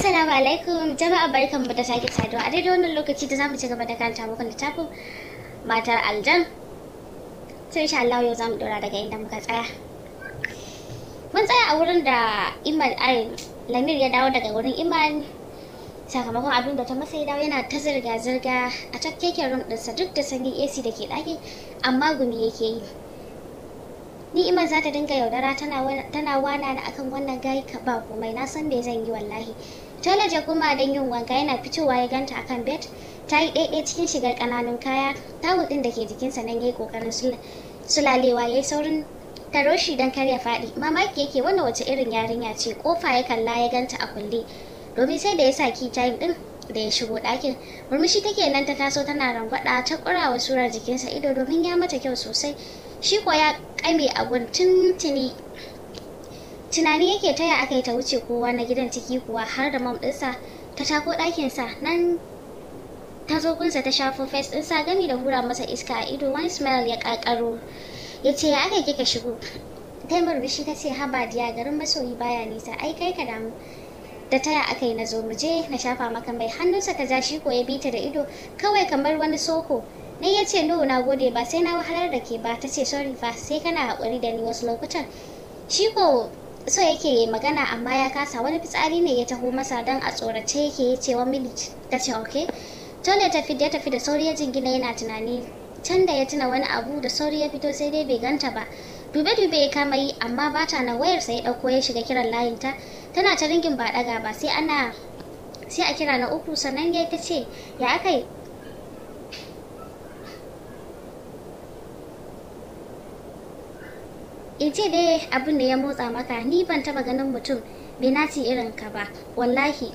Assalamu alaikum jama'a barkan mu da sake saduwa a daidai wannan lokaci da zamu ci gaba da karanta muku littafin matar aljan sai insha Allah yau zamu dora daga inda muka tsaya mun tsaya a wurin da Iman ai Lamir ya dawo daga wurin Iman sakamakon abin da ta masa ya dawo yana ta zirga zirga a cakkekin room sa duk da sanyin AC da ke daki amma gumi yake yi Ni ni'imar za ta dinga yaudara tana wana akan wannan gayi ka ba komai na san me zan yi wallahi Tola kuma dan don yin wanka yana fitowa ya ganta akan bed ta yi ɗaiɗai cikin shigar ƙananun kaya tawul ɗin da ke jikinsa nan ya yi ƙoƙarin sulalewa ya yi saurin taro shi don kar faɗi mamaki yake wannan wace irin yarinya ce kofa ya kalla ya ganta a kulle domin sai da ya sa key time ɗin da ya shigo ɗakin murmushi take nan ta taso tana rangwada ta ƙurawa surar jikinsa ido domin ya mata kyau sosai shi ko ya ƙame a gun tuni tunani yake taya aka yi ta wuce kowa na gidan ciki kuwa har da mam ɗinsa ta tako ɗakinsa nan ta zo kunsa ta shafo fes ɗinsa gami da hura masa iska a ido wani smile ya ƙaƙaro ya ce ya aka kika shigo ta murmushi ta ce haba diya garin masoyi baya nisa ai kai ka damu da taya aka yi na zo mu je na shafa maka mai hannunsa ta ja shi ko ya bita da ido kawai kamar wani soko na ya ce no na gode ba sai na wahalar da ke ba ta ce sorry fa sai kana haƙuri da ni wasu lokutan shi so yake magana amma ya kasa wani fitsari ne ya taho masa don a tsorace yake ya ce wani minute ta ce ok tole ya tafi ya tafi da sauri ya jingina yana tunani can da ya tuna wani abu da sauri ya fito sai dai bai ganta ba dube dube ya kama yi amma ba ta na wayar sai ya dauko ya shiga kiran layin ta tana ta ringin ba daga ba sai a kira na uku sannan ya ta ce ya aka in ce dai abin da ya motsa maka ni ban taba ganin mutum bai naci irin ka ba wallahi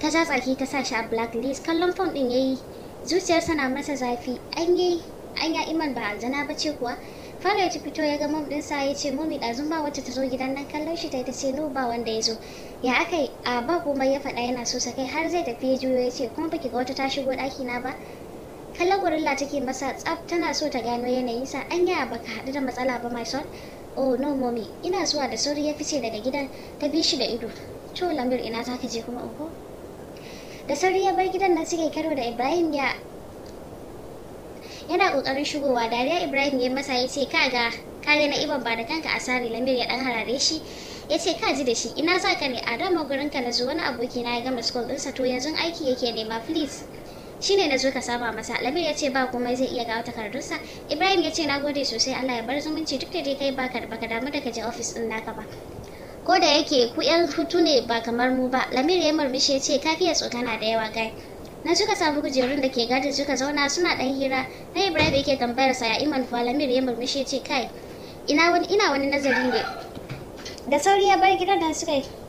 ta ja tsaki ta sa shi a blacklist kallon fom din yayi zuciyarsa na masa zafi an yi an ya iman ba aljana ba ce kuwa fara ya fito ya ga mom din sa ya ce mami da zumba wacce ta zo gidan nan kallon shi ta ta ce no ba wanda ya zo ya aka a ba komai ya faɗa yana so sa kai har zai tafi ya juyo ya ce kuma baki ga wata ta shigo ɗaki na ba kallon gorilla take masa tsaf tana so ta gano sa an yaya baka hadu da matsala ba my son oh no mommy ina zuwa da sauri ya fice daga gidan ta bi shi da ido to lamir ina za je kuma uku? da sauri ya bar gidan nan suke karo da ibrahim ya yana kokarin shigowa dariya ibrahim ya masa ya ce ka kaga kare na iban ba da kanka asari lamir ya dan harare shi ya ce ka ji da shi ina za ka ne a dama gurin ka na zo wani aboki na ya gama school ɗinsa to yanzu aiki yake nema please shine na zo ka saba masa lamir ya ce ba komai zai iya takardun sa. ibrahim ya ce na gode sosai allah ya bar zumunci duk da dai kai baka baka damu da kaje ofis din naka ba ko da yake ku yan hutu ne ba kamar mu ba lamir ya murmushi ya ce kafiya tsokana da yawa gai na suka samu kujerun da ke gadin suka zauna suna dan hira na ibrahim yake tambayar sa ya iman fa lamir ya murmushi ya ce kai ina wani ina wani nazari ne da sauri ya bar gidan da suka yi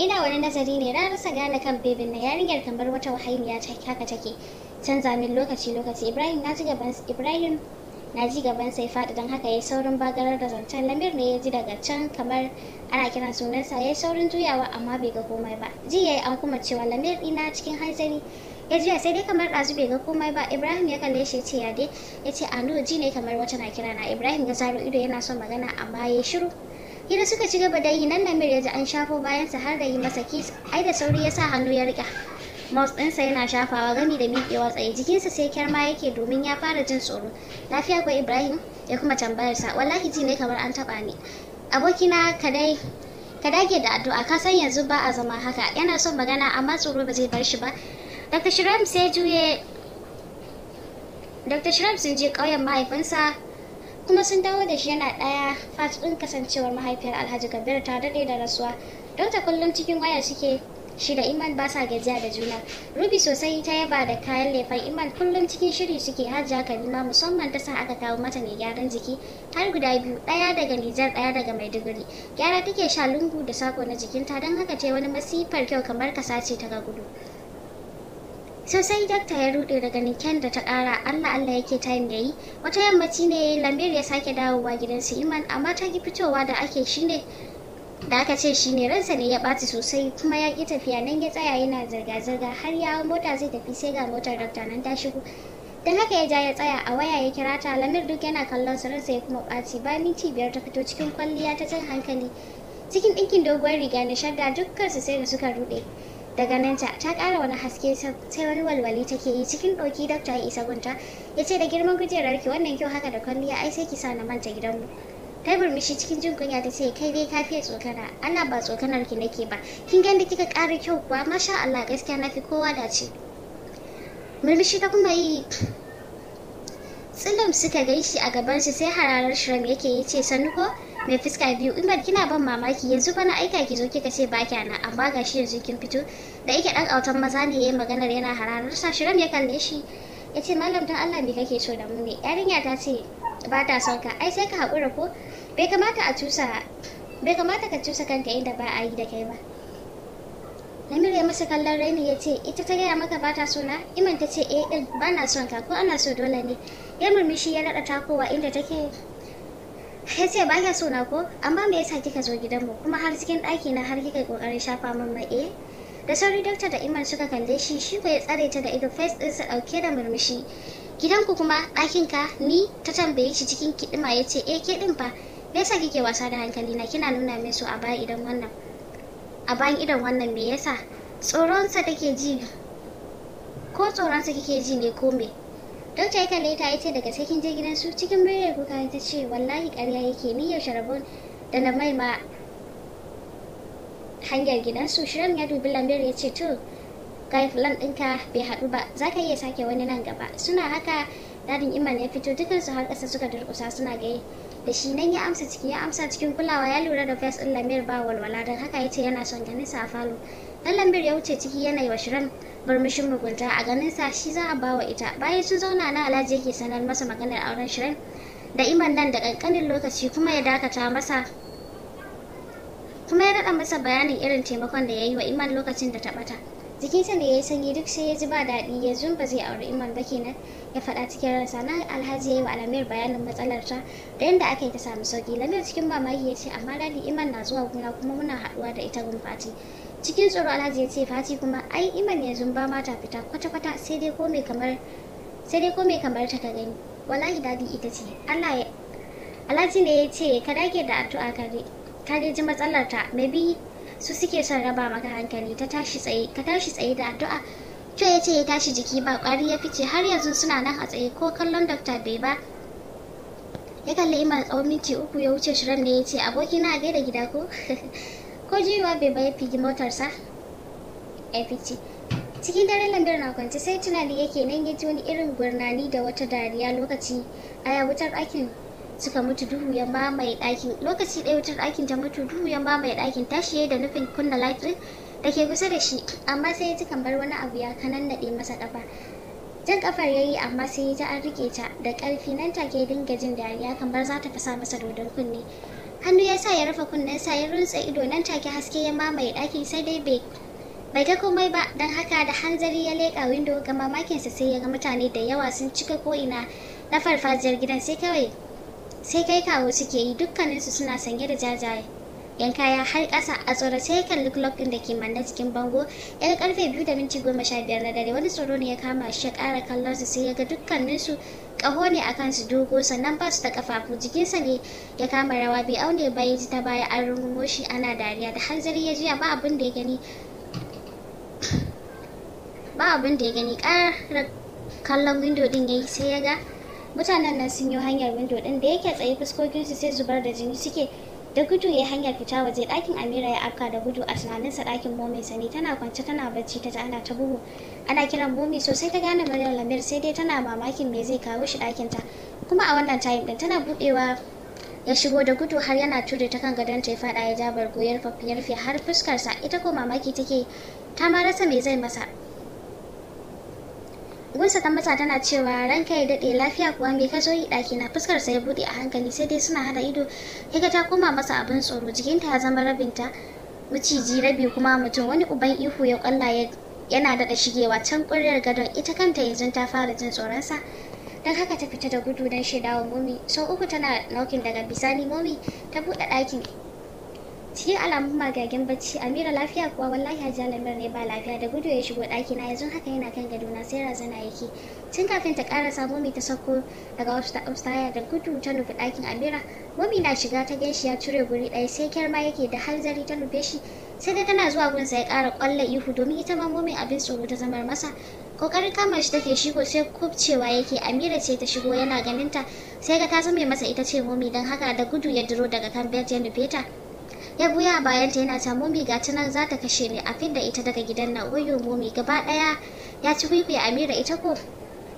ina wani nazari ne na rasa gane kan bebin na yarinyar kamar wata wahailiya ta haka take canza min lokaci lokaci ibrahim na ji gaban ibrahim na ji gaban sai faɗi don haka yi saurin bagarar da zancen lamir ne ya ji daga can kamar ana kiran sunansa yi saurin juyawa amma bai ga komai ba ji yi an kuma cewa lamir ɗina cikin hanzari ya juya sai dai kamar ɗazu bai ga komai ba ibrahim ya kalle shi ce ya dai ya ce anu ji ne kamar wata na kira na ibrahim ya zaro ido yana son magana amma ya shiru Idan suka ci gaba da yi nan ya ji an shafo bayan sa har da yi masa kis, ai da sauri ya sa hannu ya riƙa. Mouse ɗinsa yana shafawa gami da miƙewa tsaye jikinsa sai kyarma yake domin ya fara jin tsoro. Lafiya ko Ibrahim ya kuma tambayarsa wallahi ji ne kamar an taɓa ni. Abokina ka dai ka dage da addu'a ka san yanzu ba a zama haka yana son magana amma tsoro ba zai bar shi ba. Dr. Shirem sai juye Dr. Shirem sun je ƙauyen mahaifinsa kuma sun dawo da shi yana ɗaya fas ɗin kasancewar mahaifiyar alhaji kabir ta daɗe da rasuwa don ta kullum cikin waya suke shi da iman ba sa gajiya da juna rubi sosai ta yaba da kayan lefan iman kullum cikin shiri suke hajja kalima musamman ta sa aka kawo mata mai gyaran jiki har guda biyu ɗaya daga nijar ɗaya daga maiduguri gyara take sha lungu da sako na jikinta don haka ce wani masifar kyau kamar kasa ce ta ga gudu sosai dakta ya rude daga niken da ta kara allah allah yake tayin da yi wata yammaci ne lambir ya sake dawowa gidansu iman amma ta ki fitowa da ake shi ne. da aka ce shi ne ransa ne ya ɓaci sosai kuma ya ki tafiya nan ya tsaya yana zirga-zirga har ya mota zai tafi sai ga motar dakta nan ta shigo don haka ya ja ya tsaya a waya ya kira ta lamir duk yana kallon su ransa ya kuma ɓaci bayan minti biyar ta fito cikin kwalliya ta jan hankali cikin ɗinkin doguwar riga na shadda dukkan su sai da suka rude. daga nan ta ta ƙara wani haske sai wani walwali take yi cikin ɗoki dakta ya isa gunta yace da girman kujerar ki wannan kyau haka da kwalliya ai sai ki sa na manta gidanmu ta burmishi cikin jin kunya ta ce kai dai ka tsokana Ana ba tsokanar ki nake ba kin ganda kika kara kyau kuwa masha Allah gaskiya na fi kowa dace murmushi ta kuma yi tsilim suka gaishi a gaban shi sai hararar shiram yake yi ce sannu ko mai fuska biyu in kina ban mamaki yanzu bana aika ki zo kika ce ba kya na amma gashi yanzu kin fito da yake dan autan maza ne yayin maganar yana hararar sa shiram ya kalle shi ya ce malam dan Allah me kake so da mu ne yarinya ta ce ba ta son ka ai sai ka hakura ko bai kamata a tusa bai kamata ka cusa kanka inda ba a yi da kai ba Namir ya masa kallon raini ya ce ita ta gaya maka ba ta so na iman ta ce eh din ba na son ka ko ana so dole ne ya murmushi ya raɗa takowa inda take ya ce ba kya na ko amma me yasa kika zo gidanmu kuma har cikin ɗaki na har kika kokarin shafa min mai eh da sauri dakta da iman suka kalle shi shi ko ya tsare ta da ido face sa ɗauke da murmushi gidanku kuma ɗakinka ni ta tambaye shi cikin kiɗima ya ce eh ke ɗin fa me yasa kike wasa da hankali na kina nuna min su a bayan idan wannan a bayan idan wannan me yasa tsoronsa take ji ko tsoronsa kike ji ne ko me Dokta ya kalle ta ce daga cikin jirgin su cikin birnin kuka ta ce wallahi karya yake ni yaushe rabon da na mai ma hanyar gidan su shirin ya dubi lambar ya ce to kai fulan ɗinka bai haɗu ba za ka iya sake wani nan gaba suna haka dadin iman ya fito su har ƙasa suka durƙusa suna gai da shi nan ya amsa ciki ya amsa cikin kulawa ya lura da fes ɗin lambar ba walwala don haka ya ce yana son ganin sa falo dan lambar ya wuce ciki yana yi wa shirin murmushin mugunta a ganin sa shi za a bawa ita bayan sun zauna na alhaji yake sanar masa maganar auren shirin da iman nan da kankanin lokaci kuma ya dakata masa kuma ya daɗa masa bayanin irin taimakon da ya yi wa iman lokacin da ta ɓata jikinsa ne ya yi sanyi duk sai ya ji ba daɗi ya zun ba zai auri iman ba kenan ya faɗa cikin ransa na alhaji ya yi wa alamir bayanin matsalar ta da yadda ake yi ta samu sauki lamir cikin mamaki ya ce amma dadi iman na zuwa gona kuma muna haɗuwa da ita gumfati cikin tsoro alhaji ya ce fati kuma ai iman yanzu ba ma ta fita kwata-kwata sai dai ko mai kamar ta ka gani wallahi dadi ita ce alhaji ne ya ce ka dage da addu'a kare ka dai ji matsalar ta maybe su suke son raba maka hankali tsaye ka tashi tsaye da addu'a to ya ce ya tashi jiki ba kwari ya fice har yanzu suna nan a tsaye ko kallon dokta bai ba ya kalli iman tsawon minti uku ya wuce shirin da ya ce abokina a gaida gida ko ko jiwa bai bai figi motarsa ya fice cikin dare lambar na kwance sai tunani yake nan ya wani irin gurnani da wata dariya lokaci a wutar ɗakin suka mutu duhu ya mamaye ɗakin lokaci ɗaya wutar ɗakin ta mutu duhu ya mamaye ɗakin tashi da nufin kunna light da ke kusa da shi amma sai ya ji kamar wani abu ya kanannaɗe masa ƙafa jan ƙafar ya yi amma sai ya ji an rike ta da ƙarfi nan take dinga jin dariya kamar za ta fasa masa dodon kunne hannu ya sa ya rufe kunnensa ya runtse ido nan take haske ya mamaye ɗakin sai dai bai bai ga komai ba don haka da hanzari ya leƙa windo ga mamakinsa sai ya ga mutane da yawa sun cika ko'ina na farfajiyar gidan sai kawai sai kai kawo suke yi dukkaninsu suna sanye da jajaye yan kaya har kasa a tsorace ya kalli clock ɗin da ke manna cikin bango yan karfe biyu da minti goma sha biyar na dare wani tsoro ne ya kama shi ya ƙara kallon su sai ya ga dukkaninsu ƙaho ne a kansu dogo sannan ba su da ƙafafu jikinsa ne ya kama rawa bai aune ba ya ji ta baya an rungumo shi ana dariya da hanzari ya jiya ba abin da ya gani ba abin da ya gani ƙara kallon windo din ya yi sai ya ga mutanen nan sun yi hanyar windo din da yake tsaye fuskokinsu sai zubar da jini suke da gudu ya hanyar fita waje ɗakin amira ya afka da gudu a tunaninsa ɗakin bomi sani tana kwance tana bacci ta ana ta bugu ana kiran bomi sosai ta gane maryam lamir sai dai tana mamakin me zai kawo shi ta kuma a wannan tayin ɗin tana buɗewa ya shigo da gudu har yana ture ta kan gadon ta ya faɗa ya ja bargo ya rufe har fuskarsa ita ko mamaki take ta ma rasa me zai masa gunsa tambata tana cewa ranka ya daɗe lafiya kuwa me ka ɗaki na fuskar sa ya buɗe a hankali sai dai suna hada ido kaga ta koma masa abin tsoro jikinta ya zama rabin rabinta maciji rabi kuma mutum wani uban ihu ya kwalla yana daɗa shigewa can ƙuryar gadon ita kanta yanzu ta fara jin tsoronsa don haka ta fita da gudu don shaidawa momi sau uku tana naukin daga bisani momi ta buɗe ɗakin cikin alamun magagen bacci amira lafiya kuwa wallahi hajji lamir ne ba lafiya da gudu ya shigo ɗaki na yanzu haka yana kan gadona sai razana yake tun kafin ta ƙara sa momi ta sako daga ya da gudu ta nufi ɗakin amira momi na shiga ta ganshi ya cire guri ɗaya sai kyarma yake da hanzari ta nufe shi sai da tana zuwa gunsa ya ƙara ƙwallon ihu domin ita ma momi abin tsoro ta zamar masa kokarin kama shi take shigo sai kubcewa yake amira ce ta shigo yana ganinta sai ga ta zame masa ita ce momi don haka da gudu ya duro daga kan bed ya nufe ta ya buya a bayanta yana ta mummi ga ta nan za ta kashe ni a fidda ita daga gidan nan wayo mumi gaba ɗaya ya ci a amira ita ko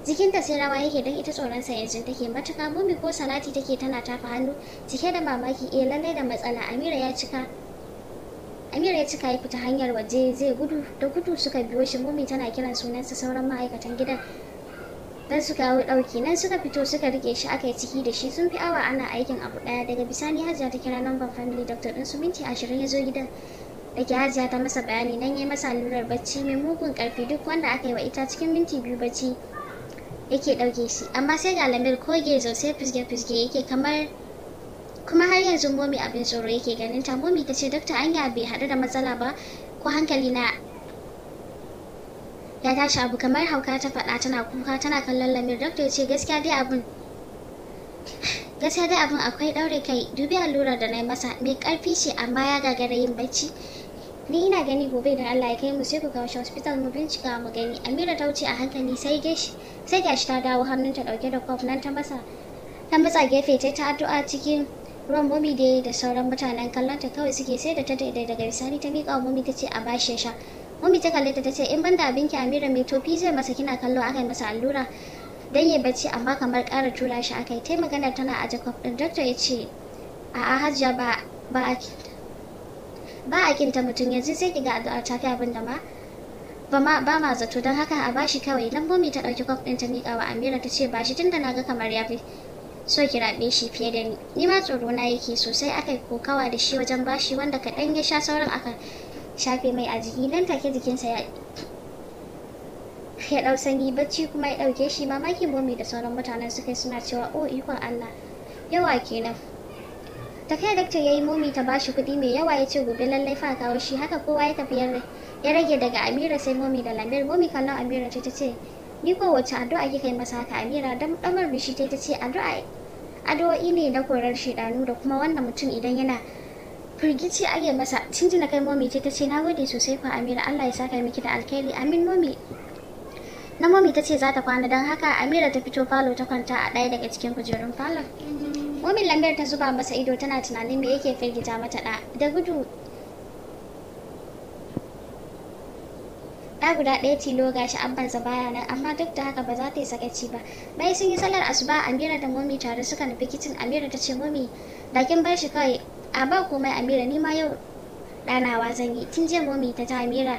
jikinta sai rawa yake don ita tsoron sa yanzu take matuka mumi ko salati take tana tafa hannu cike da mamaki eh lallai da matsala amira ya cika Amira ya cika ya fita hanyar waje zai gudu da gudu suka biyo shi mumi tana kiran sunansa sauran ma'aikatan gidan dan su kawo ɗauki nan suka fito suka rike shi aka yi ciki da shi sun fi awa ana aikin abu daya. daga bisani hajiya ta kira number family doctor din su minti 20 ya zo gidan da ke hajiya ta masa bayani nan ya masa allurar bacci mai mugun karfi duk wanda aka yi wa ita cikin minti biyu bacci yake dauke shi amma sai ga lamir ko gezo sai fisge-fisge yake kamar kuma har yanzu momi abin tsoro yake ganin ta momi ta ce dokta ya bai haɗu da matsala ba ko hankali na ya tashi abu kamar hauka ta faɗa tana kuka tana kallon lamir doctor ce gaskiya dai abun gaskiya dai abun akwai ɗaure kai dubi allurar da na masa mai ƙarfi ce amma ya gagara yin bacci ni ina gani gobe da Allah ya kai mu sai ku kawo hospital mu bincika mu gani Amira ta wuce a hankali sai gashi sai gashi ta dawo hannunta dauke da kwaf nan ta masa ta matsa gefe ta ta addu'a cikin ruwan momi da da sauran mutanen kallon ta kawai suke sai da ta daidai daga bisani ta miƙa wa momi ta ce a bashi ya sha Ummi ta ta ce in banda abinki Amira mai tofi zai masa kina kallo akai masa allura dan ya bacci amma kamar kara tura shi akai tai magana tana a Jacob din doctor ya ce a'a Hajiya ba ba a ba a kinta mutum yanzu sai kiga addu'a ta fi abin da ma ba ma ba ma zato dan haka a bashi kawai dan bomi ta dauki kwaf din ta mika wa Amira ta ce bashi tunda ga kamar ya fi so ki rabe shi fiye da ni ni ma tsoro na yake sosai akai kokawa da shi wajen bashi wanda kaɗan ya sha sauran aka shafe mai a jiki nan take jikinsa ya ya ɗau sanyi bacci kuma ya ɗauke shi mamakin bomi da sauran mutanen su kai suna cewa o oh, ikon Allah yawa kenan ta kai dakta ya yi momi ta bashi kuɗi mai yawa ya ce gobe lallai fa kawo shi haka kowa ya tafi ya rage daga amira sai momi da lamir momi kallon amira ta ce ni ko wace addu'a kika yi masa haka amira dan damar bishi ta ce addu'a addu'o'i ne na korar shedanu da kuma wannan mutum idan yana firgici ake masa Cin jina kai momi ce ta ce na gode sosai kwa amira allah ya saka miki da alkhairi amin momi na momi ta ce za ta kwana don haka amira ta fito falo ta kwanta a ɗaya daga cikin kujerun falon momin lambar ta zuba masa ido tana tunanin me yake firgita mata da da gudu ɗa guda ɗaya tilo gashi banza baya nan amma duk da haka ba za ta yi sakaci ba bayan sun yi sallar asuba amira da momi tare suka nufi kicin amira ta ce momi dakin bashi kawai a ba komai amira nima ma yau ɗanawa zan yi tun jiya momi ta ta amira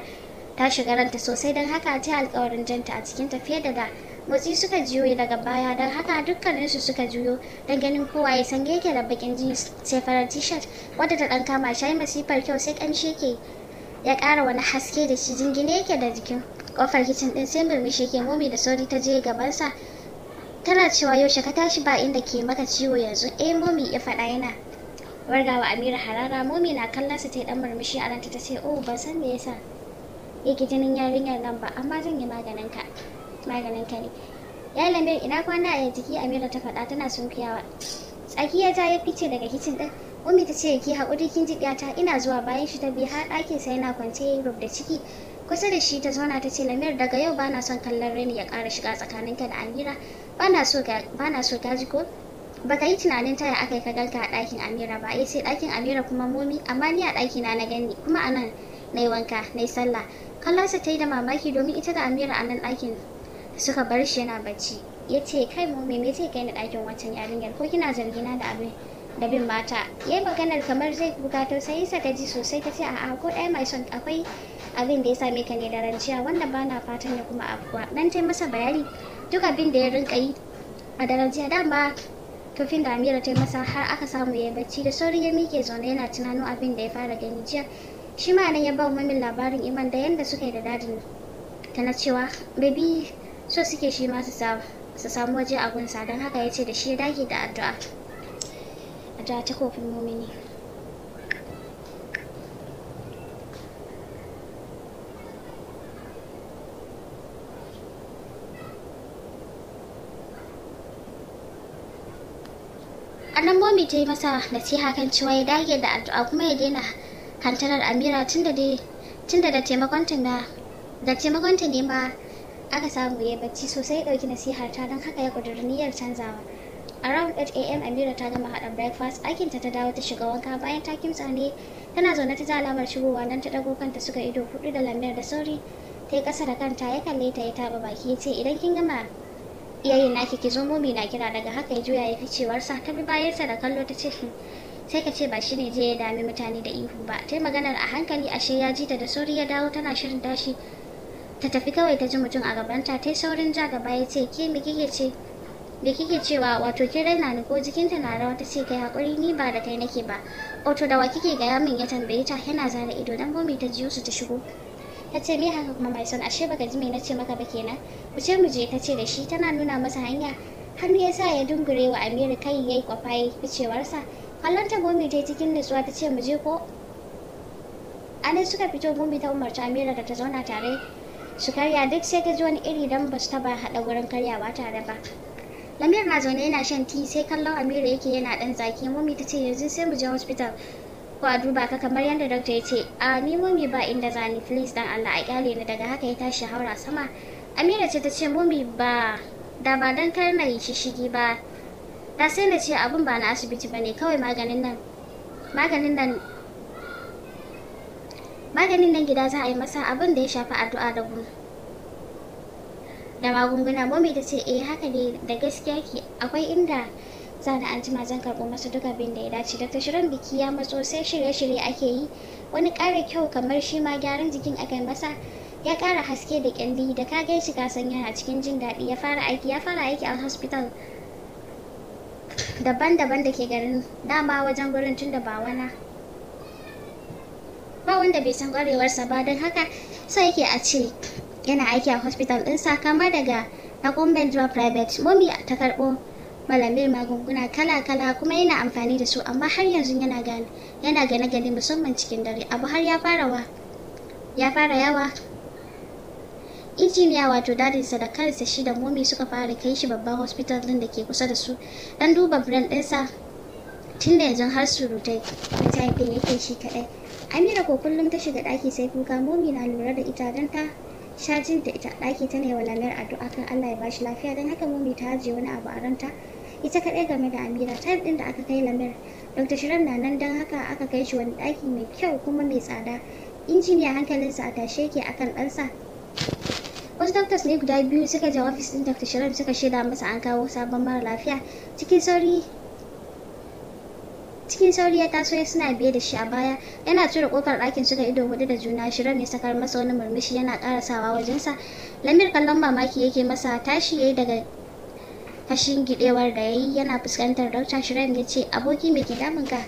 ta shiga ranta sosai don haka ta alkawarin janta a cikin tafiya da da motsi suka juyo daga baya don haka dukkaninsu suka juyo don ganin kowa ya san yake da bakin jini sai farar t-shirt wadda ta dan kama shayi masifar kyau sai kanshi yake ya kara wani haske da shi jingine yake da jikin kofar kicin din sai murmushi ke momi da sauri ta je gabansa tana cewa yaushe ka tashi ba inda ke maka ciwo yanzu eh momi ya faɗa yana wargawa amira harara momi na kallon su ta dan murmushi a ranta ta ce oh ban san me yasa yake jinin yarinyar nan ba amma zan yi maganin ka maganin ka ne ya lambe ina kwana a jiki amira ta faɗa tana sunkuyawa tsakiya ta ya fice daga kicin din momi ta ce ki hakuri kin ji ta ina zuwa bayan shi ta bi har ɗakin sai na kwance rub da ciki kusa da shi ta zauna ta ce lamir daga yau bana son kallon raini ya kara shiga tsakaninka da amira bana so ka ji ko baka yi tunanin taya aka yi ka ganta a ɗakin amira ba ya ce ɗakin amira kuma momi amma ni a ɗakina na gani kuma a nan na yi wanka na yi sallah kallonsa ta yi da mamaki domin ita da amira a nan ɗakin suka bar shi yana bacci ya ce kai momi me zai kai na ɗakin wancan yarinyar ko kina zargina da abin da bin mata ya yi maganar kamar zai sai sa ta ji sosai ta ce a'a ko ɗaya mai son akwai abin da ya same ka ne da ranciya wanda ba na fatan ya kuma abuwa dan ta masa bayani duk abin da ya rinka yi a daren jiya dama tofin da amira ta yi masa har aka samu ya bacci da sauri ya mike zaune yana tunanin abin da ya fara gani jiya shi ma nan ya ba mamin labarin iman da yadda suka yi da dadin ta na cewa baby so suke shi ma su samu waje a gunsa don haka ya ce da shi ya dage da addu'a addu'a ta kofin momini annan bomi ta yi masa nasiha kan cewa ya dage da addu'a kuma ya daina hantarar amira tunda da tunda da taimakonta da da taimakonta ne ma aka samu ya bacci sosai ya ɗauki nasiha ta don haka ya ƙudiri niyyar canzawa around 8 am amira ta gama haɗa breakfast aikinta ta ta dawo ta shiga wanka bayan ta kimsa ne tana zaune ta ji alamar shigowa don ta ɗago kanta suka ido hudu da lambiyar da sauri ta yi ƙasa da kanta ya kalle ta ya taɓa baki ya ce idan kin gama iyayen naki ki zo momi na kira daga haka ya juya ya cewar sa ta bi bayansa da kallo ta ce hmm, sai ka ce ba shi ne je ya dami mutane da ihu ba ta maganar a hankali ashe ya ji ta da sauri ya dawo tana shirin tashi ta tafi kawai ta ji mutum a gabanta ta saurin ja gaba ya ce ke me kike ce me kike cewa wato kin raina ni ko jikinta na rawa ta ce kai hakuri ni ba da kai nake ba wato da wa kike gaya min ya tambaye ta yana zara ido dan bomi ta jiyo su ta shigo ta ce me haka kuma mai son ashe baka ji me na ce maka ba kenan ce mu je ta ce da shi tana nuna masa hanya hannu ya sa ya dungure wa amiru kai yayi kwafaye kwafa ficewarsa kallon ta gomi ta cikin nutsuwa ta ce mu je ko anan suka fito gomi ta umarci amira da ta zauna tare su karya duk sai ta ji wani iri dan ba su taba haɗa wurin karyawa tare ba lamir na zaune yana shan ti sai kallon amira yake yana dan zaki mummy ta ce yanzu sai mu je hospital ko a duba ka kamar yadda dokta ya ce a ni mummy ba inda zani please dan Allah a kyale ni daga haka ya tashi haura sama Amira ce ta ce mummy ba da ba dan kar mai shishigi ba ta sai na ce abun ba na asibiti bane kawai maganin nan maganin nan maganin nan gida za a yi masa abun da ya shafi addu'a da gumi da magunguna mummy ta ce eh haka ne da gaskiya ki akwai inda sannan an jima zan karɓo masa duka bin da ya dace dr shirin biki ya matso sai shirye-shirye ake yi wani ƙara kyau kamar shi ma gyaran jikin aka masa ya ƙara haske da ƙyandi da ka gaishe ka san yana cikin jin daɗi ya fara aiki ya fara aiki a hospital daban-daban da ke garin dama wajen gurin tun da ba wana ba wanda bai san ƙwarewarsa ba don haka sai yake a ce yana aiki a hospital ɗin sakamakon daga na Gombe zuwa private momi ta karɓo malamir magunguna kala-kala kuma yana amfani da su amma har yanzu yana gane yana gane gane musamman cikin dare abu har ya fara wa ya fara yawa injiniya wato dadinsa da kansa shi da momi suka fara kai shi babban hospital din da ke kusa da su dan duba brand ɗinsa tun da yanzu har surutai taifin yake shi kaɗai amira ko kullum ta shiga ɗaki sai kuka momi na lura da ita don ta shajin da ita ɗaki tana yi wa lamiyar addu'a kan allah ya bashi lafiya don haka momi ta ajiye wani abu a ranta ita kaɗai game da amira ta ɗin da aka kai lamir dr shirin na nan don haka aka kai shi wani ɗaki mai kyau kuma mai tsada injiniya hankalinsa a tashe ke akan ɗansa wasu doctors ne guda biyu suka je ofis ɗin dr shirin suka shaida masa an kawo sabon mara lafiya cikin sauri cikin sauri ya taso ya suna biye da shi a baya yana tura kofar ɗakin suka ido hudu da juna shirin ne sakar masa wani murmushi yana karasawa wajensa lamir kallon mamaki yake masa tashi yayi daga ta shingidewar da ya yi yana fuskantar Dr. Shirin ya ce aboki me ke damun ka?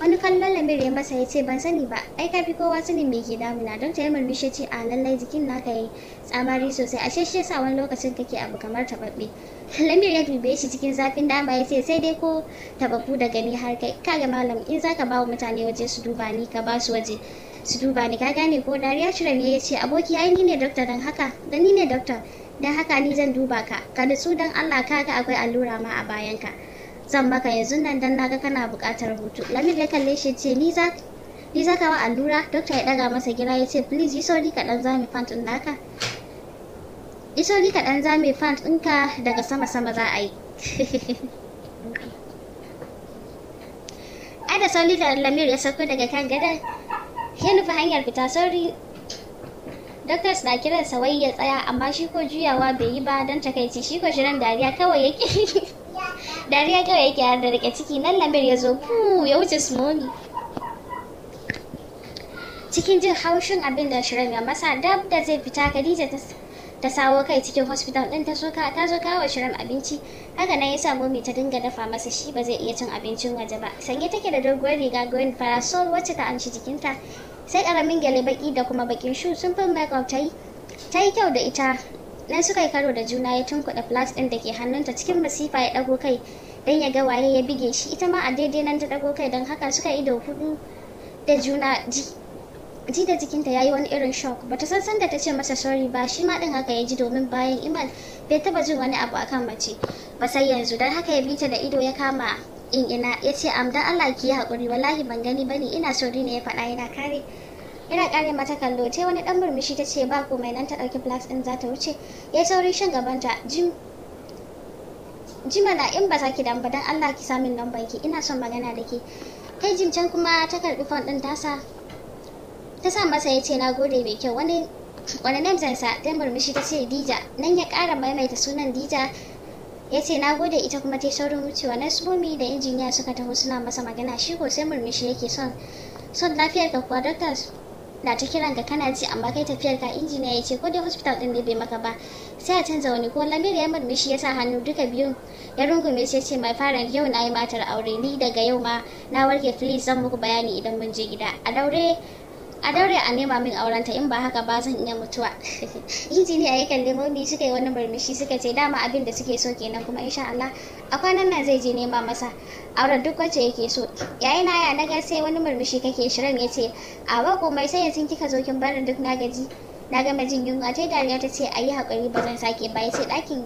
Wani kallon lamir ya masa ya ce ban sani ba, ai ka fi kowa sanin me ke damuna. Dr. Yamal Bishe ce a lallai jikin naka yi tsamari sosai A shi yasa wani lokacin kake abu kamar tababbe. Lamir ya dube shi cikin zafin dama ya ce sai dai ko tababbu da gani har kai kaga malam in za ka ba wa mutane waje su duba ni ka ba su waje. su duba ni ka gane ko dariya shirin ya ce aboki ai ni ne dokta don haka da ni ne dokta don haka ni zan duba ka ka nutsu don allah kaga akwai allura ma a bayan ka. zan maka yanzu nan dan naga kana buƙatar hutu Lamir ya kalle shi ce ni za ni za ka wa allura dokta ya ɗaga masa gira ya ce please yi sauri kaɗan zami fant ɗin naka yi sauri kaɗan zami fant ɗinka daga sama sama za a yi ai da sauri da lamir ya sauko daga kan gadon ya nufi hanyar fita sauri Doctors na sa wai ya tsaya amma shi ko juyawa bai yi ba don takaici shi ko shirin dariya kawai yake. Dariya kawai yake har da rike ciki nan Lamir ya zo fu ya wuce Simoni. Cikin jin haushin abin da shirin ya masa dab da zai fita kadija ta ta sawo kai cikin hospital din ta soka ta zo kawo shirin abinci haka nan yasa momi ta dinga dafa masa shi ba zai iya cin abincin waje ba sanye take da doguwar riga goyin parasol wacce ta amshi jikinta sai karamin gyale baki da kuma bakin shu sun fi makeup ta yi ta kyau da ita nan suka yi karo da juna ya tunkuɗa flat ɗin da ke hannunta cikin masifa ya ɗago kai don ya ga waye ya bige shi ita ma a daidai nan ta ɗago kai don haka suka yi ido hudu da juna ji da jikinta ya yi wani irin shock ta san sanda ta ce masa sorry ba shi ma din haka ya ji domin bayan iman bai taba jin wani abu akan mace ba sai yanzu don haka ya bi ta da ido ya kama in ina ya ce am dan Allah ki yi haƙuri wallahi ban gani bane ina sorry ne ya faɗa yana kare yana kare mata kallo ta wani dan murmushi ta ce ba mai nan ta ɗauki flask din za ta wuce ya sauri shan gabanta jim jima in ba za ki dan ba dan Allah ki samun lambar ki ina son magana da ke kai jimcan kuma ta karɓi fon ɗin tasa ta sa masa ya ce na gode mai kyau wani wani nem sa ta murmushi ta ce dija nan ya ƙara maimaita sunan dija ya ce na gode ita kuma ta saurin wucewa na sumomi da injiniya suka taho suna masa magana shi ko sai murmushi yake son son lafiyar ka kuwa doctors na ta kiran ka kana ji amma kai tafiyar ka injiniya ya ce ko dai hospital din bai maka ba sai a canza wani ko lamir ya murmushi ya sa hannu duka biyun ya rungume sai ce mai fara yau na yi matar aure ni daga yau ma na warke please zan muku bayani idan mun je gida a daure a daure a nema min aurenta in ba haka ba zan iya mutuwa injiniya yakan kalli ni suka yi wani murmushi suka ce dama abin da suke so kenan kuma insha Allah a kwanan nan zai je nema masa auren duk wacce yake so yayin ya na ga sai wani murmushi kake shirin ya ce a wako mai sai yanzu kika zo kin barin duk na gaji na gama jin yunwa ta dariya ta ce a yi haƙuri ba zan sake ba ya ce ɗakin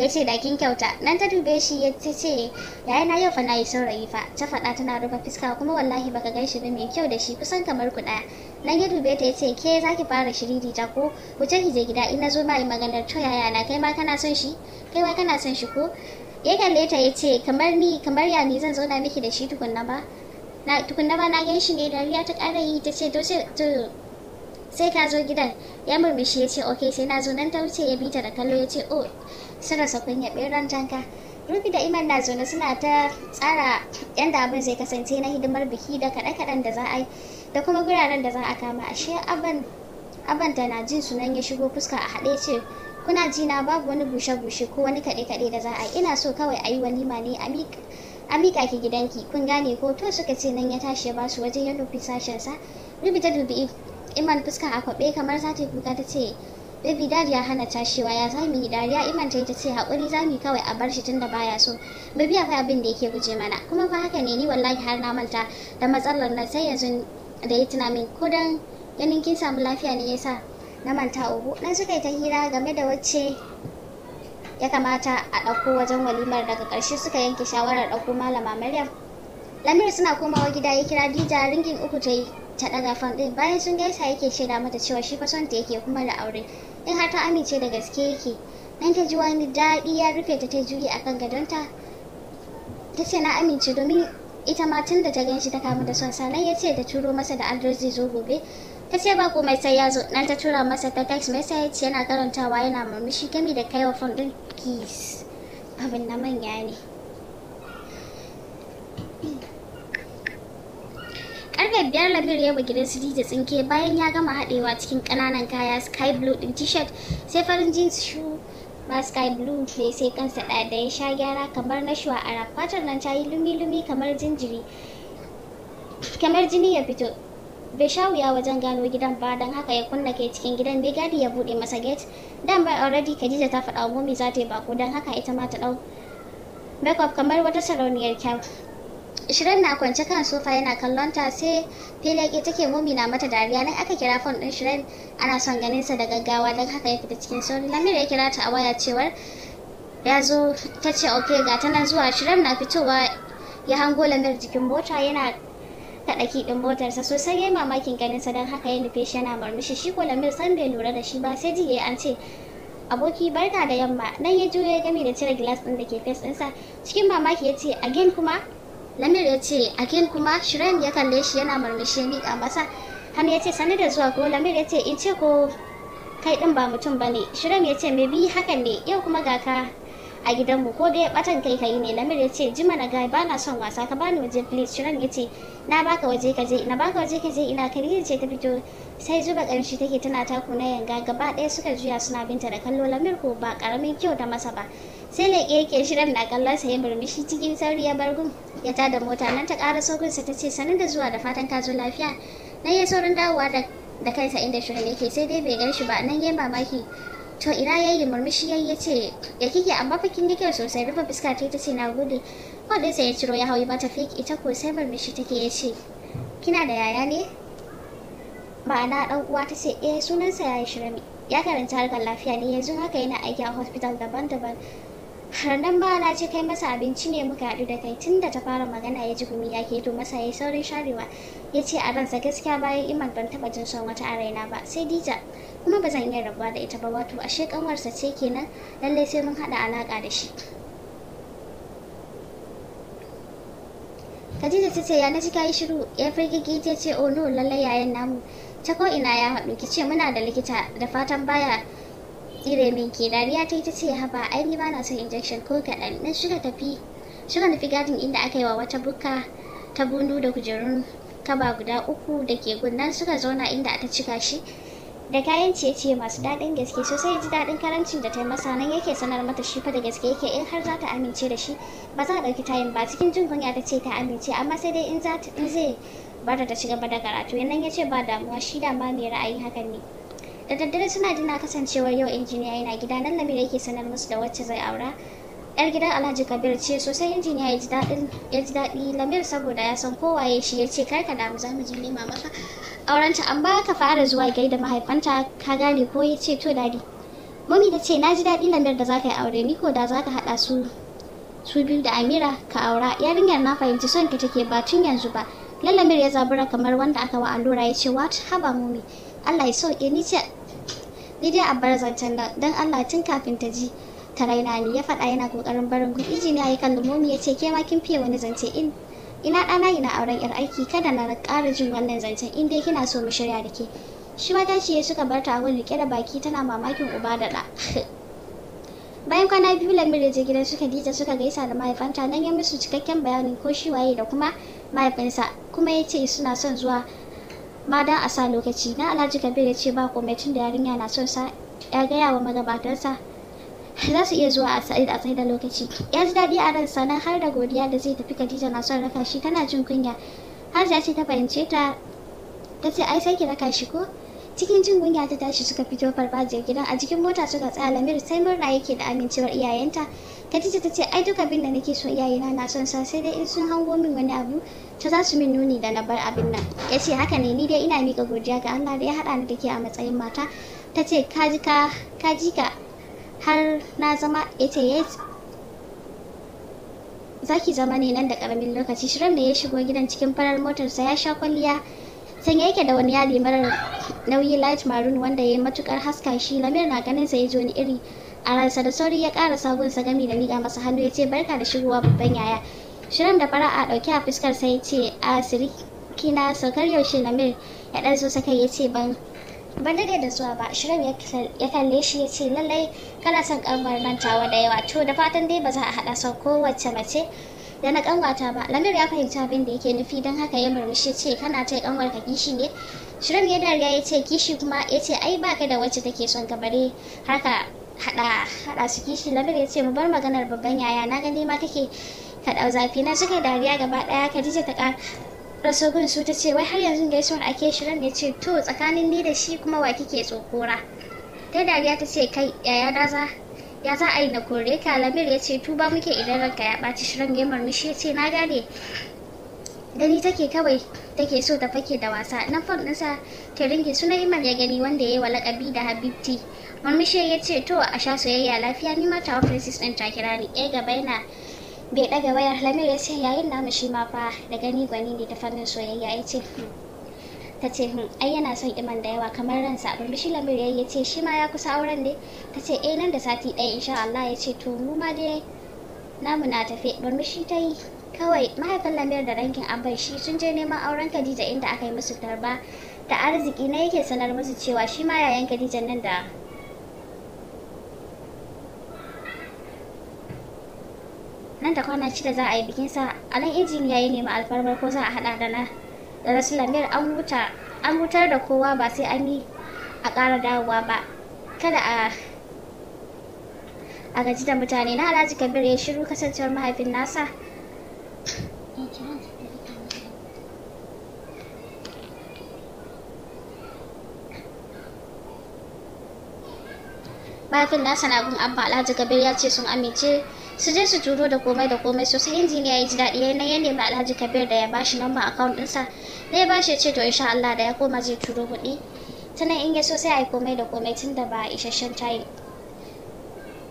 ya ce da kin kyauta nan ta dube shi ya ce yaya na yau fa na yi saurayi fa ta fada tana rufe fuska kuma wallahi baka gan shi ba mai kyau da shi kusan kamar ku nan ya dube ta ya ce ke za ki fara shiriri ta ko ce ki je gida in na zo ma yi maganar to yaya na kai ma kana son shi kai ma kana son shi ko ya kalle ta ya ce kamar ni kamar ya ni zan zauna miki da shi tukunna ba na tukunna ba na gan ne dariya ta ƙara yi ta ce to sai ka zo gidan ya murmushi ya ce ok sai na zo nan ta wuce ya bi ta da kallo ya ce oh sun rasa kunya ɓeran janka rufi da iman na zaune suna ta tsara yadda abin zai kasance na hidimar biki da kaɗe da za a yi da kuma guraren da za a kama ashe abin da na jin sunan ya shigo fuska a haɗe ce kuna ji na babu wani bushe-bushe ko wani kaɗe-kaɗe da za a yi ina so kawai a yi walima ne a ki gidanki kun gane ko to suka ce nan ya tashi ya basu wajen ya nufi sashensa rubi ta dubi iman fuska a kwaɓe kamar za ta kuka ta ce baby dad ya hana cashewa. ya za mu yi dariya iman ta ta ce haƙuri za mu yi kawai a bar shi da baya so baby akwai abin da yake guje mana kuma fa haka ne ni wallahi har na manta da matsalar nan sai yanzu da ya tuna min ko dan ganin kin samu lafiya ne yasa na manta ubu Dan suka yi ta hira game da wacce ya kamata a ɗauko wajen walimar daga ƙarshe suka yanke shawarar ɗauko malama maryam lamir suna komawa gida ya kira dija ringin uku ta yi ta ɗaga fan ɗin bayan sun gaisa yake shaida mata cewa shi fason ta yake kuma da aure in har ta amince da gaske yake nan ta ji wani daɗi ya rufe ta ta juyi akan gadon ta ce na amince domin ita ma tun da ta gan shi ta kama da son sannan ya ce ta turo masa da adres zo gobe ta ce ba komai sai ya zo nan ta tura masa ta text message yana karantawa yana murmushi gami da kaiwa fon ɗin kis abin na manya ne Karfe biyar Labir ya ba gidan da tsinke bayan ya gama haɗewa cikin ƙananan kaya sky blue ɗin t-shirt sai farin jeans shoe ba sky blue ne sai kansa ɗaya da ya sha gyara kamar na shuwa a fatar nan ta yi lumi-lumi kamar jinjiri kamar jini ya fito bai sha wuya wajen gano gidan ba don haka ya kunna kai cikin gidan bai gadi ya buɗe masa gate dan ba already Khadija ta faɗa wa za ta yi bako don haka ita ma ta ɗau makeup kamar wata sarauniyar kyau Shirin na kwance kan sofa yana kallon ta sai ake take mummi na mata dariya nan aka kira fon din Shirin ana son ganin sa da gaggawa dan haka ya fita cikin sauri. Lamir ya kira ta a waya cewar ya zo ta ce okay ga ta zuwa Shirin na fitowa ya hango Lamir jikin mota yana kaɗa kiɗin motarsa sosai ya mamakin ganin sa don haka ya nufe shi yana murmushi shi ko Lamir san bai lura da shi ba sai jiya an ce aboki barka da yamma nan ya juyo ya gami da cire gilas din da ke fes ɗinsa cikin mamaki ya ce again kuma Lamir ya ce, Akin kuma Shirin ya kalle shi yana murmushi miƙa masa. Hannu ya ce, Sani da zuwa ko Lamir ya ce, In ce ko kai ɗin ba mutum ba ne. Shirin ya ce, Me bi hakan ne, yau kuma ga ka a gidanmu ko dai ya batan kai kai ne lamir ya ce ji mana gai ba na son wasa ka bani waje please shiran ya ce na baka waje ka je ina baka waje ka je ina karirin ce ta fito sai zuba ƙarshe take tana taku na yanga gaba ɗaya suka juya suna binta da kallo lamir ko ba karamin kyau da masa ba sai na yake shirin na kallon sa ya murmushi cikin sauri ya bargun ya tada mota nan ta ƙara saukinsa ta ce sanin da zuwa da fatan ka zo lafiya na iya saurin dawowa da kansa inda shirin yake sai dai bai gan shi ba nan ya mamaki to ina yayi murmushi yayi ya ce ya kike amma fa kin kyau sosai rufe fuska ta ce na gode wanda sai ya ciro ya hauyi mata fake ita ko sai murmushi take ya ce kina da yaya ne ma'ana dan uwa ta ce eh sunansa ya yi shirami ya karanta harkar lafiya ne yanzu haka yana aiki a hospital daban-daban nan ba na ce kai masa abinci ne muka haɗu da kai tun da ta fara magana ya ji gumi ya to masa ya saurin sharewa ya ce a ransa gaskiya bayan iman ban taɓa jin son wata a raina ba sai dija kuma ba zan iya rabuwa da ita ba wato ashe kanwarsa ce kenan lallai sai mun haɗa alaƙa da shi Khadija ta ce ya na ji shiru ya firgigi ta ce oh no lallai yayan namu ta ko ina ya haɗu ki ce muna da likita da fatan baya tsire min ke dariya ta yi ta ce haba ai ni bana son injection ko kaɗan na shiga tafi shiga gadin inda aka yi wa wata buka ta bundu da kujerun kaba guda uku da ke gunnan suka zauna inda aka cika shi da kayan ciye-ciye masu daɗin gaske sosai ji daɗin karancin da ta yi masa nan yake sanar mata shi fa da gaske yake in har za ta amince da shi ba za a ɗauki tayin ba cikin jin kunya ta ce ta amince amma sai dai in za ta in zai bar ta ci gaba da karatu yannan ya ce ba damuwa shi da ma mai ra'ayi hakan ne da daddare suna dina kasancewar yau injiniya yana gida nan lamira yake sanar musu da wacce zai aura yar gidan alhaji kabir ce sosai injiniya ya ji daɗi lamir saboda ya san kowaye shi ya ce kar damu za mu je nema maka aurenta an ba ka fara zuwa gaida mahaifanta ka gane ko ya ce to dadi mami ta ce na ji daɗi lamir da za ka yi aure ni ko da za ka haɗa su su biyu da amira ka aura yarinyar na fahimci son ka take ba tun yanzu ba lalamir ya zabura kamar wanda aka wa allura ya ce what haba mami allah ya sauke ni ce ni dai a bar zancen don allah tun kafin ta ji ta raina ni ya faɗa yana ƙoƙarin barin kuɗi jini ya yi kan lumomi ya ce ke ma kin fiye wani zance in ina ɗana ina auren yar aiki kada na ƙara jin wannan zancen in dai kina so mu shirya da ke shi ma tashi ya suka bar ta rike da baki tana mamakin uba da ɗa bayan kwana biyu lamir ya je gidan su khadija suka gaisa da mahaifanta nan ya musu cikakken bayanin ko shi waye da kuma mahaifinsa kuma ya ce suna son zuwa ma dan a sa lokaci na alhaji kabir ya ce ba komai tun da yarinya na son sa ya gaya wa magabatarsa za su iya zuwa a sa'id a da lokaci ya ji daɗi a ran sannan har da godiya da zai tafi Khadija na son raka shi tana jin kunya har ya ce ta fahimce ta ta ce ai sai ki raka shi ko cikin jin kunya ta tashi suka fito farfajiyar gidan a jikin mota suka tsaya lamir sai murna yake da amincewar iyayenta Khadija ta ce ai duk abin da nake so iyayena na son sa sai dai in sun hango min wani abu ta za su min nuni da na bar abin nan ya ce haka ne ni dai ina mika godiya ga Allah da ya haɗa ni da ke a matsayin mata ta ce ka ji ka ji ka har na zama yace ya zaki zama ne nan da karamin lokaci shirin da ya shigo gidan cikin farar motarsa ya sha kwalliya sanya yake da wani yadi marar nauyi light maroon wanda ya yi matukar haska shi lamir na ganin sa ya ji wani iri a ransa da sauri ya ƙara sa gami da miƙa masa hannu ya ce barka da shigowa babban yaya shirin da fara a ɗauke a fuskar sa ya ce a sirikina saukar yaushe lamir ya ɗan so sakai ya ce ban ban dade da zuwa ba shirin ya kalle shi ya ce lallai kana son kanwar nan tawa da yawa to da fatan dai ba za a haɗa son kowace mace da na kanwata ba lamir ya fahimci abin da yake nufi don haka ya murmushi ce kana ce kanwar ka kishi ne shirin ya dariya ya ce kishi kuma ya ce ai ka da wacce take son ka bare haka hada hada su kishi lamir ya ce mu bar maganar babban yaya na gani ma kake ka dau zafi na suka dariya gaba daya ka ta rasogun su ta ce wai har yanzu da gaisuwar ake shirin ya ce to tsakanin ni da shi kuma wa kike tsokora ta dariya ta ce kai yaya da za ya za a yi na kore ka lamir ya ce tuba muke idan ranka ya ɓaci shirin ya murmushi ya ce na gane gani take kawai take so ta fake da wasa na fom ɗinsa ta ringe suna iman ya gani wanda ya yi wa lakabi da habibti murmushi ya ce to a sha soyayya lafiya ni ma tawa princess ɗin ta kira ni ɗaya eh, gaba yana bai ɗaga wayar lamir ya ce yayin namu shi ma fa da gani gwani ne ta fannin soyayya ya ce hmm. ta ce hmm, ai yana son iman da yawa kamar ransa bishi lamir ya ce shi ma ya kusa auren ne ta ce eh nan da sati ɗaya insha Allah ya ce to mu ma dai namu na tafe shi ta yi kawai mahaifin lamir da rankin an shi sun je neman auren Khadija inda aka yi musu tarba da arziki na yake sanar musu cewa shi ma yayan Khadija nan da nan da kwana shida za a yi bikin sa injin injiniya ya nemi alfarmar ko za a hada da na da rasu an huta an hutar da kowa ba sai an yi a ƙara dawowa ba kada a a gaji da mutane na alhaji kabir ya shiru kasancewar mahaifin nasa mahaifin nasa na gun abba alhaji kabir ya ce sun amince su je su turo da komai da komai sosai injiniya ya ji daɗi na ya nemi alhaji kabir da ya ba shi lamba account ɗinsa na ya ba ya ce to insha Allah da ya koma zai turo kuɗi tana in ya so sai a yi komai da komai tun da ba isasshen tayi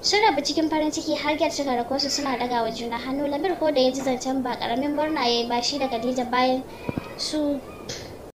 sun rabu cikin farin ciki har gyar suka da kosu suna daga wa juna hannu lamir ko da ya ji zancen ba karamin murna ya yi ba shi da khadija bayan su